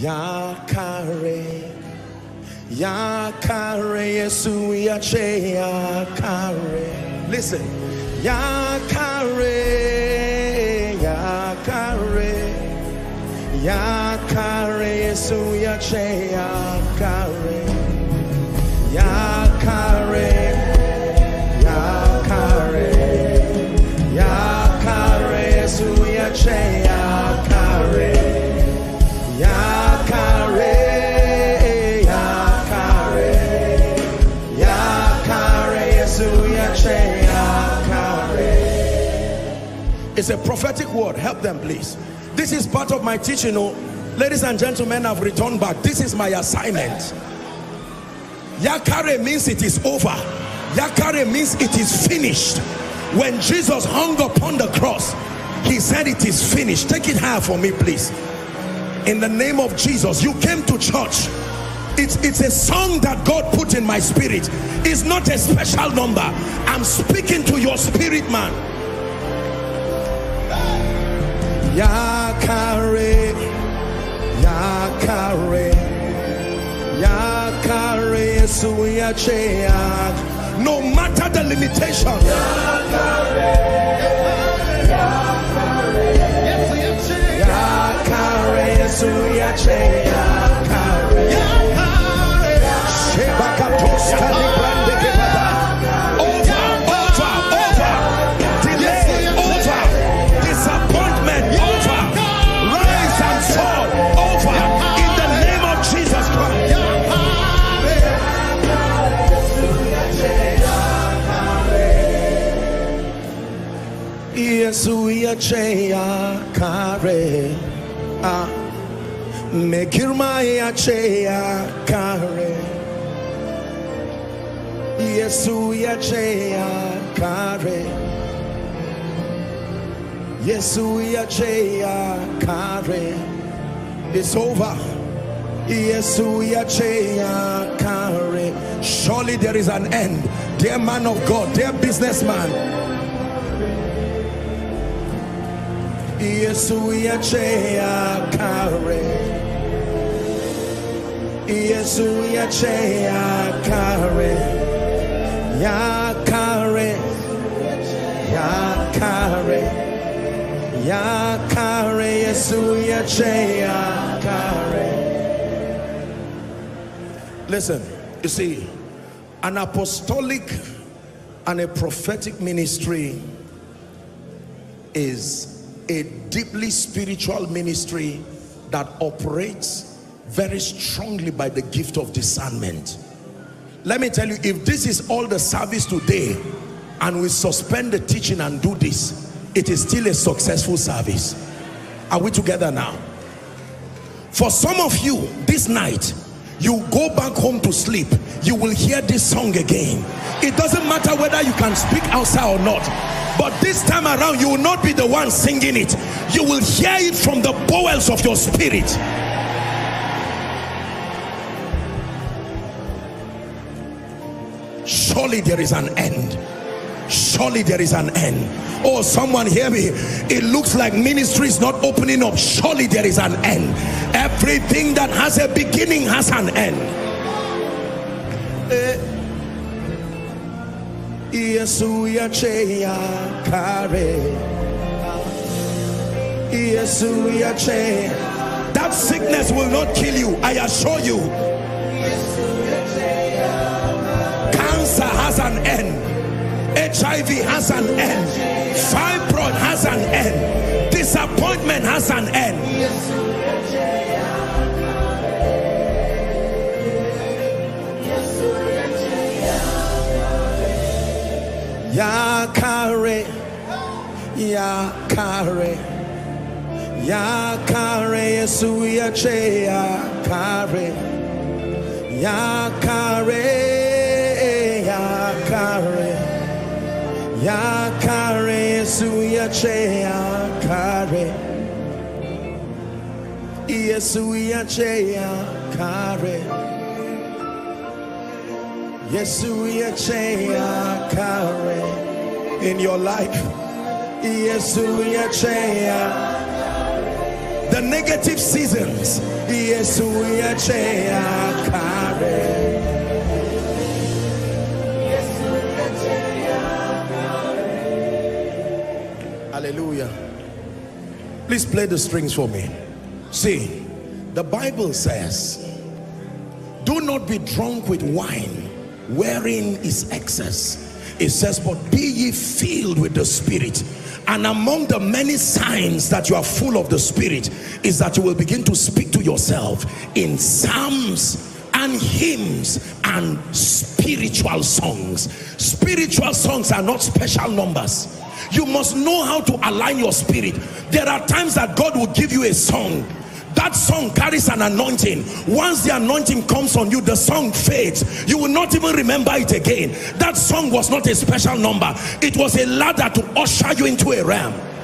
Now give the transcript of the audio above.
Yakare, Yakare, Yesu Yache Yakare. Listen, Yakare, Yakare, Yakare, Yesu Yache Yakare. Yakare. It's a prophetic word. Help them, please. This is part of my teaching. Oh, ladies and gentlemen, I've returned back. This is my assignment. Yakare means it is over. Yakare means it is finished. When Jesus hung upon the cross, he said it is finished. Take it high for me, please. In the name of Jesus, you came to church. It's, it's a song that God put in my spirit. It's not a special number. I'm speaking to your spirit, man. Yakare, Yakare, Yakare, Suyachea. No matter the limitation. Yakare, Yakare. Yesu yache ya kare ah mekirma yache ya kare Yesu yache ya kare Yesu yache ya kare It's over Yesu yache ya kare Surely there is an end dear man of God dear businessman Yesu yachea kare Yesu yachea kare Ya kare Ya kare kare Yesu yachea kare Listen, you see, an apostolic and a prophetic ministry is a deeply spiritual ministry that operates very strongly by the gift of discernment. Let me tell you, if this is all the service today and we suspend the teaching and do this, it is still a successful service. Are we together now? For some of you, this night, you go back home to sleep you will hear this song again it doesn't matter whether you can speak outside or not but this time around you will not be the one singing it you will hear it from the bowels of your spirit surely there is an end surely there is an end oh someone hear me it looks like ministry is not opening up surely there is an end everything that has a beginning has an end eh. that sickness will not kill you i assure you HIV has an end. Fibroid has an end. Disappointment has an end. Yakare, Yakare, Yakare, Yesu Yache, Yakare, Yakare, Yakare. Yakare suyache yakare Yesu yache yakare Yesu yakare In your life Yesu yache yakare The negative seasons Yesu yache yakare Hallelujah. Please play the strings for me. See, the Bible says, do not be drunk with wine, wherein is excess. It says, but be ye filled with the Spirit. And among the many signs that you are full of the Spirit is that you will begin to speak to yourself in psalms and hymns and spiritual songs. Spiritual songs are not special numbers. You must know how to align your spirit. There are times that God will give you a song. That song carries an anointing. Once the anointing comes on you, the song fades. You will not even remember it again. That song was not a special number. It was a ladder to usher you into a realm.